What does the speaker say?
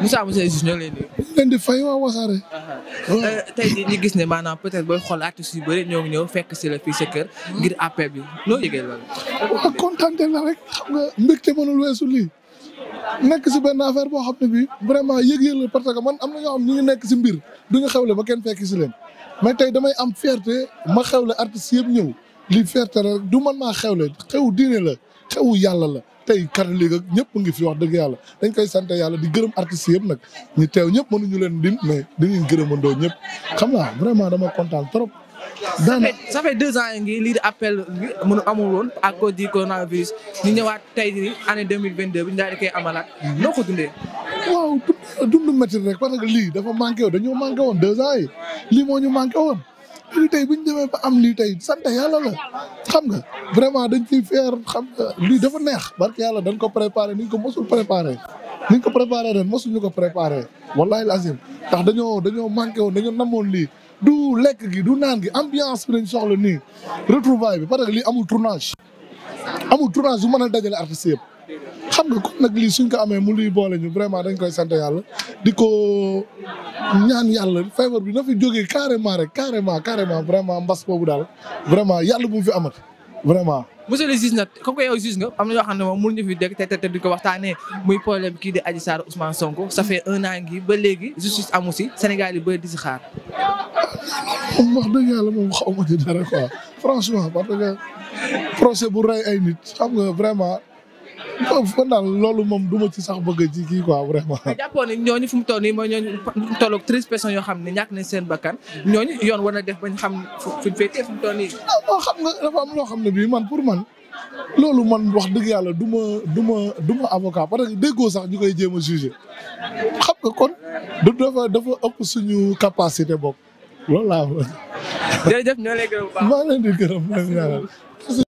Moussa Moussa Diouf ñoo ngi lay nuyu. ñu leen di fay waa wasaare. Uh-huh. Uh, tey jii ñu gis ne maanaam peut-être booy xool artistes yu bëri ñoo ngi ñëw fekk si la fii sa kër. ngir appel bi noo yëgee loolu. waaw ah, kontaan la rek xam nga te mbégte mënul weesu lii. nekk si benn affaire boo xam ne bi vraiment yëg-yëg la parce que man am na ñoo xam ñu ngi nekk si mbir du ñu le ba kenn fekk si leen mais tey damay am fierté ma xew xewle artistes yëpp ñëw li fierté la du man maa xew xewle xewu diine la xewu yàlla la tey Catholique ak ñëpp ngi fi wax dëgg yàlla dañ koy sant yàlla di gërëm artistes yëpp nag ñu teew ñëpp mënuñu leen dim mais dañuy gërëmandoo ñëpp xam naa vraiment dama kontaan trop. daanaka ça fait deux ans yi ngi lii di appel bi mënu amul woon à cause du coronavirus ñu ñëwaat tey jii année deux mille vingt deux bi ñu daal di koy amalaat. noo ko dundee. rek parce que lii dafa manqué woon dañoo manqué woon deux ans yi lii moo ñu manqué woon. lii tey bu ñu demee ba am lii tey sant yàlla la xam nga vraiment dañ ciy fier xam nga lii dafa neex barke yàlla dañ ko préparé ni ñu ko mosul préparé ni ñu ko préparé ren mosuñu ko préparé wallahi lazim tax dañoo dañoo manqué woon dañoo namoon lii du lekk gi du naan gi ambiance bi nañ soxla nii retrouvaille bi parce que lii amul tournage amul tournage bu mën a dajale artistes xam nga kon nag lii suñ ko amee mu lii boole ñu vraiment dañ koy sant yàlla di ko ñaan yàlla feebar bi na fi jógee carrément rek carrément carrément vraiment mbas boobu daal vraiment yàlla bu mu fi amati vraiment. monsieur le juge nag comme que yow nga am na ne moom mënuñu fi dégg te di ko waxtaanee muy problème kii di Adji Sarr Sonko ça un an ba léegi justice amu si Sénégal yi bëri di si xaar. moom wax dëgg yàlla moom xaw ma ci dara quoi franchement parce que procès bu rey ay nit xam nga vraiment. foofu daal loolu moom du ma ci sax bëgg ci kii quoi vraiment. mais jàppoon ne ñooñu fu mu toll nii mooy ñooñu toll ak treize personnes yoo xam ne ñàkk nañ seen bakkan ñooñu yoon war na def bañ xam fu ñu féetee fu mu toll nii. non ah, xam loo xam ne bi man pour man loolu man wax dëgg yàlla du ma du ma du ma avocat parce que déggoo sax ñu koy jéem a jugé xam nga kon du dafa dafa ëpp suñu capacité bopp loolu laa. jërëjëf ñoo lay gërëm bu baax maa leen di gërëm